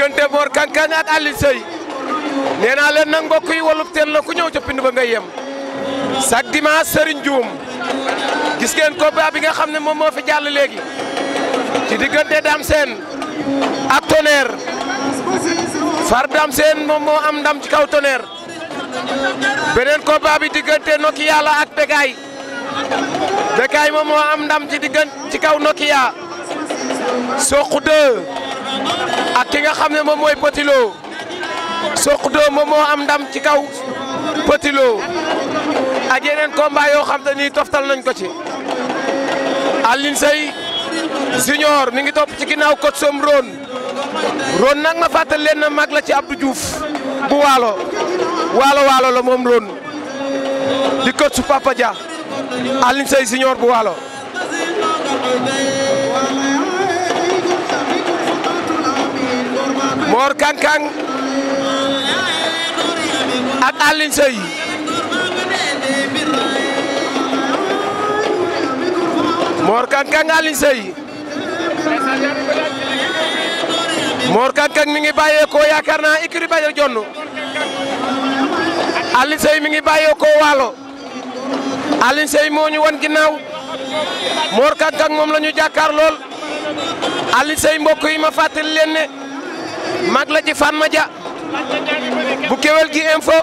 diggante Mor Kankane naa leen nag mbokk yi Walub la ku ñëw ca Pind ngay yem chaque dimanche Serigne Dioum gis ngeen combat bi nga xam ne moom moo fi jàll léegi ci diggante Dame Sène ak Tonnerre far Dame moom moo am ndam ci kaw Tonnerre beneen combat bi diggante Nokia la ak Begaay Begaay moom moo am ndam ci diggante ci kaw Nokia Sokh 2 ak ki nga xam ne moom mooy Petit Lo Sokh moom moo am ndam ci kaw Petit Lo ak yeneen combat yoo xam toftal nañ ko ci Alioune Seye Junior mi ngi topp ci ginnaaw kot som Ron Ron nag ma fàttali leen na mag la ci Abdou Diouf bu waalo waalo waalo la moom Ron di kot su Papa Dia Alioune bu waalo Mor Kang Kang ak Alioune Seye mi ngi bàyyeekoo yaakaar naa écurie Badiane Dione Alioune mi ngi bàyyeekoo Waalo Alioune Seye moo ñu wan ginnaaw moor Kang moom la ñu jàkkaar lool Alioune Seye mbokk yi ma fàttali leen mag la ci Fatma Dia bu Kewel gi info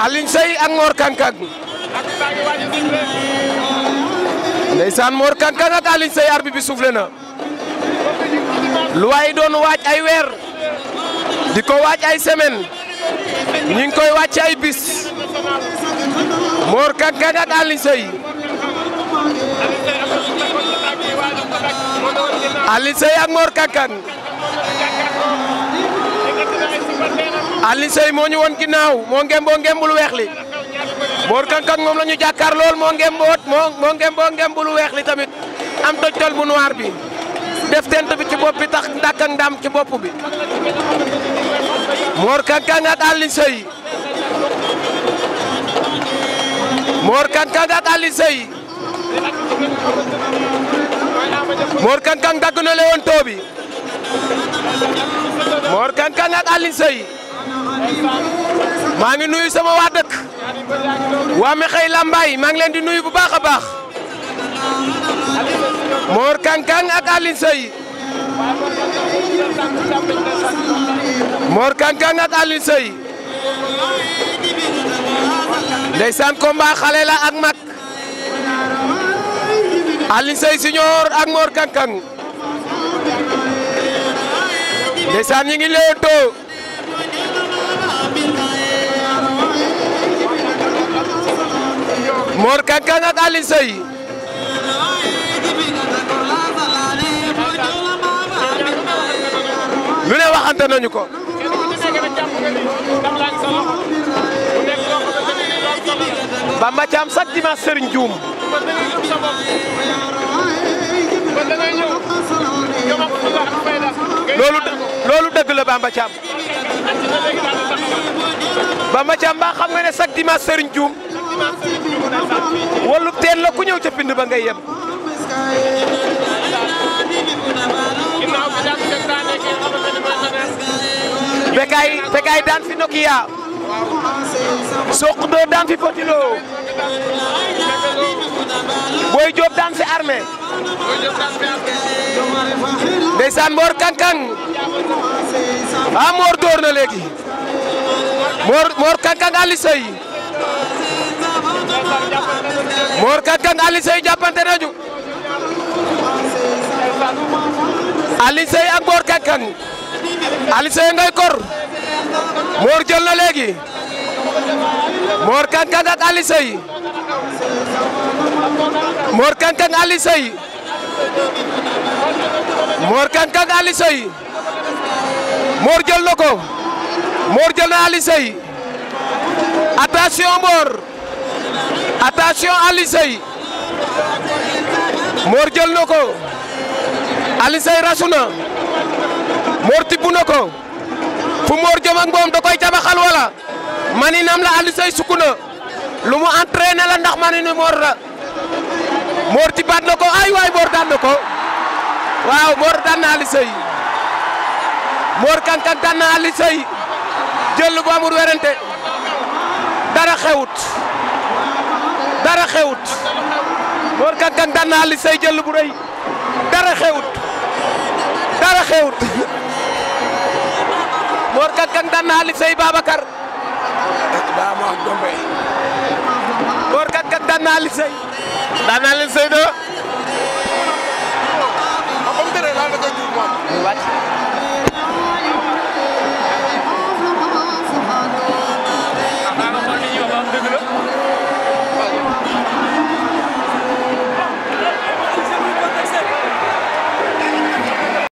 Alioune Seye ak Mor Kankang ndeysaan Mor Kankang ak Alioune Seye arbitre bi soufflé na lu waay doon waaj ay weer di ko waaj ay semaine ñi ngi koy waaj ay bis Mor Kankang ak Alioune Alioune Seye ak Mor Kakan Alioune moo ñu won ginnaaw moo ngem boo weex li Mor Kakan moom la ñu lool moo ngem moo moo ngem boo weex li tamit am tojtal bu noir bi def tent bi ci bopp bi tax ndàkk ci bopp bi Mor Kakan ak Alioune Seye Mor ak Alioune moor Kang Kang dagg na lewanto bi Mor Kang Kang ak Alioune Seye maa ngi nuyu sama waa dëk waa mi xëy lambaay maa ngi leen di nuyu bu baax a baax moor Kang Kang ak Alioune Seye Mor Kang Kang ak Alioune Seye ndeysaan combat xale la ak mag Alioune Seye Signor ak Mor Kang Kang ndeysaan ñi ngi leetoo Mor Kang Kang ak Alioune Seye lu ne waxante nañu ko Bamba Thiam chaque dimanche Serigne kon da ngay loolu dëgg la Bamba Thiam Bamba ba xam nga ne chaque dimanche Serigne Dioum wallu teen la ku ñëw ca pind ba ngay yem Bécaye Bécaye daan fi Nokia Sokh Ndoye daan fi Potilo Boy Diop daan si armée Kankang ah Mor door na léegi Mor Mor Kankang Ali Sey Mor Kankang Ali Sey jàppante nañu Ali Sey ak Mor Kankang Ali Sey ngay kor Mor jël na léegi Mor Kang Kang ak Aliou Seye Mor Kang Kang Aliou Seye Mor ko Mor jël na Aliou Seye attention Mor attention Aliou Seye Mor ko Aliou Seye rasu na ko fu Mor jëm ak moom da koy jabaxal maninam la Aliou Seye lu mu entraîné la ndax maninu Mor la Mor ko ay waay Mor daan na ko waaw Mor daan na Aliou Seye Mor jël bu amul werante dara xewut dara xewut Mor kankan daan na Aliou Seye jël bu rëy dara xewut dara xewut Mor kankan daan na Aliou daa ma wax Jombe. góor kat kat